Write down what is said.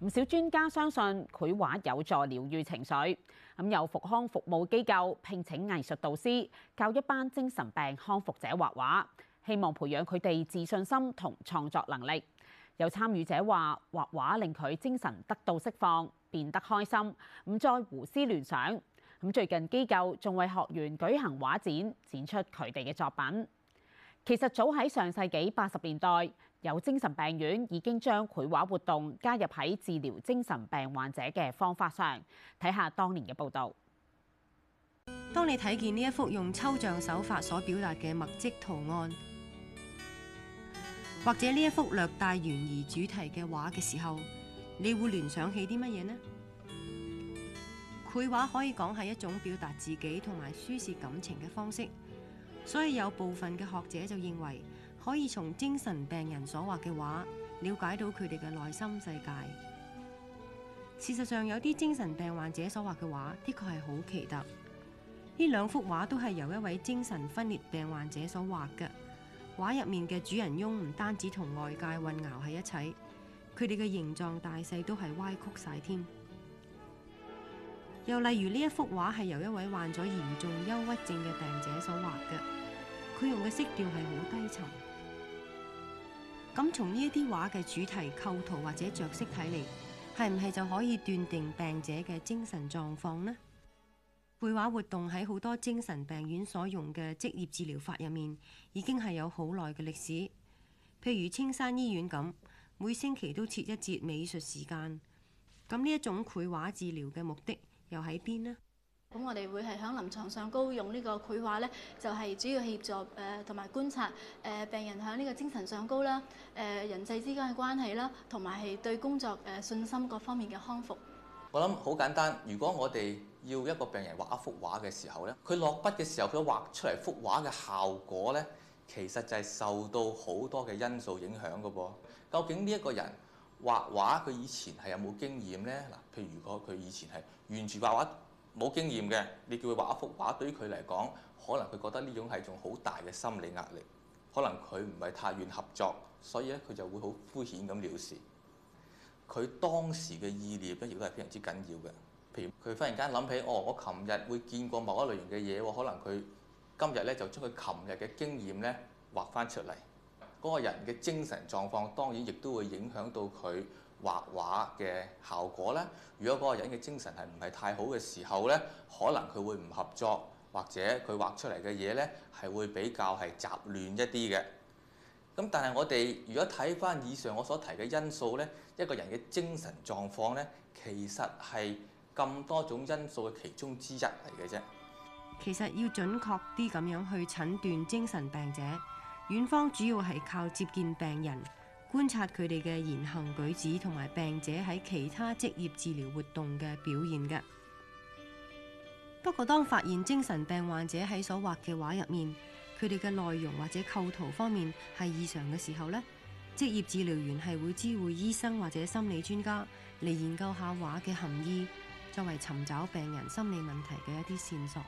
唔少專家相信繪畫有助療癒情緒，咁有復康服務機構聘請藝術導師教一班精神病康復者畫畫，希望培養佢哋自信心同創作能力。有參與者話：畫畫令佢精神得到釋放，變得開心，唔再胡思亂想。咁最近機構仲為學員舉行畫展，展出佢哋嘅作品。其實早喺上世紀八十年代，有精神病院已經將繪畫活動加入喺治療精神病患者嘅方法上，睇下當年嘅報導。當你睇見呢一幅用抽象手法所表達嘅墨跡圖案，或者呢一幅略帶懸疑主題嘅畫嘅時候，你會聯想起啲乜嘢呢？繪畫可以講係一種表達自己同埋舒洩感情嘅方式，所以有部分嘅學者就認為。可以從精神病人所畫嘅畫了解到佢哋嘅內心世界。事實上，有啲精神病患者所畫嘅畫的確係好奇特。呢兩幅畫都係由一位精神分裂病患者所畫嘅，畫入面嘅主人翁唔單止同外界混淆喺一齊，佢哋嘅形狀大細都係歪曲晒添。又例如呢一幅畫係由一位患咗嚴重憂鬱症嘅病者所畫嘅，佢用嘅色調係好低沉。咁從呢一啲畫嘅主題、構圖或者着色睇嚟，係唔係就可以斷定病者嘅精神狀況呢？繪畫活動喺好多精神病院所用嘅職業治療法入面，已經係有好耐嘅歷史。譬如青山醫院咁，每星期都設一節美術時間。咁呢一種繪畫治療嘅目的又喺邊呢？咁我哋會係喺臨床上高用呢個繪畫咧，就係、是、主要協助誒同埋觀察誒、呃、病人喺呢個精神上高啦、誒、呃、人際之間嘅關係啦，同埋係對工作誒、呃、信心各方面嘅康復。我諗好簡單，如果我哋要一個病人畫一幅畫嘅時候咧，佢落筆嘅時候，佢畫出嚟幅畫嘅效果咧，其實就係受到好多嘅因素影響㗎噃。究竟呢一個人畫畫，佢以前係有冇經驗咧？嗱，譬如果佢以前係完全畫畫。冇經驗嘅，你叫佢畫一幅畫，對於佢嚟講，可能佢覺得呢種係一種好大嘅心理壓力，可能佢唔係太願合作，所以咧佢就會好敷衍咁了事。佢當時嘅意念咧，亦都係非常之緊要嘅。譬如佢忽然間諗起，哦，我琴日會見過某一類型嘅嘢，可能佢今日咧就將佢琴日嘅經驗咧畫翻出嚟。嗰、那個人嘅精神狀況當然亦都會影響到佢。畫畫嘅效果咧，如果嗰個人嘅精神係唔係太好嘅時候咧，可能佢會唔合作，或者佢畫出嚟嘅嘢咧係會比較係雜亂一啲嘅。咁但係我哋如果睇返以上我所提嘅因素咧，一個人嘅精神狀況咧，其實係咁多種因素嘅其中之一嚟嘅啫。其實要準確啲咁樣去診斷精神病者，院方主要係靠接見病人。觀察佢哋嘅言行舉止，同埋病者喺其他職業治療活動嘅表現嘅。不過，當發現精神病患者喺所畫嘅畫入面，佢哋嘅內容或者構圖方面係異常嘅時候呢，職業治療員係會知會醫生或者心理專家嚟研究下畫嘅含意，作為尋找病人心理問題嘅一啲線索。